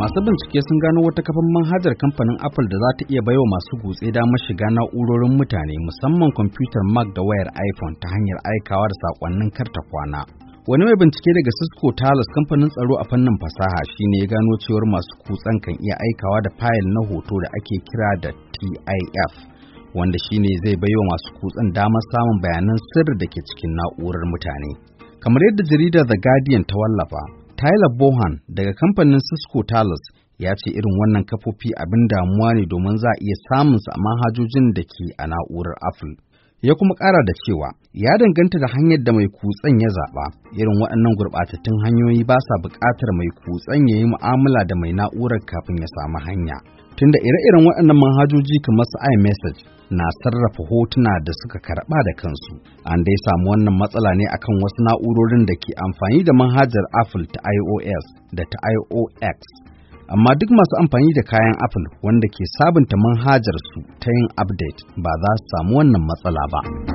masu bincike sun gano wata kafin manhajar kamfanin apple da za ta iya baiwa masu gutse damar shiga na'urorin mutane musamman kwamfutar mac da wayar iphone ta hanyar aikawa da sakonnin karta kwana wani mai bincike daga cisco talos kamfanin tsaro a fannin fasaha shine ya gano cewar masu kutsen kan iya aikawa da fayil na hoto da ake kira da tif wanda shine zai baiwa masu kutsen damar samun bayanan sirri da ke cikin na'urar mutane kamar yadda jaridar the guardian ta wallafa Tyler Bohan daga kamfanin Cisco Talos ya ce irin wannan kafofi abin damuwa ne domin za a iya samunsu a manhajojin da ke a na'urar Apple. ya kuma ƙara da cewa ya danganta da hanyar da mai kutsen ya zaɓa irin waɗannan gurɓatattun hanyoyi ba sa buƙatar mai kutsen ya yi mu'amala da mai na'urar kafin ya samu hanya tunda ire-iren waɗannan manhajoji kamar su iMessage na sarrafa hotuna da suka karɓa da kansu an dai samu wannan matsala ne akan wasu na'urorin da ke amfani da manhajar Apple ta iOS da ta iOX amma duk masu amfani da kayan Apple wanda ke sabunta manhajar su ta yin update ba za su samu wannan matsala ba.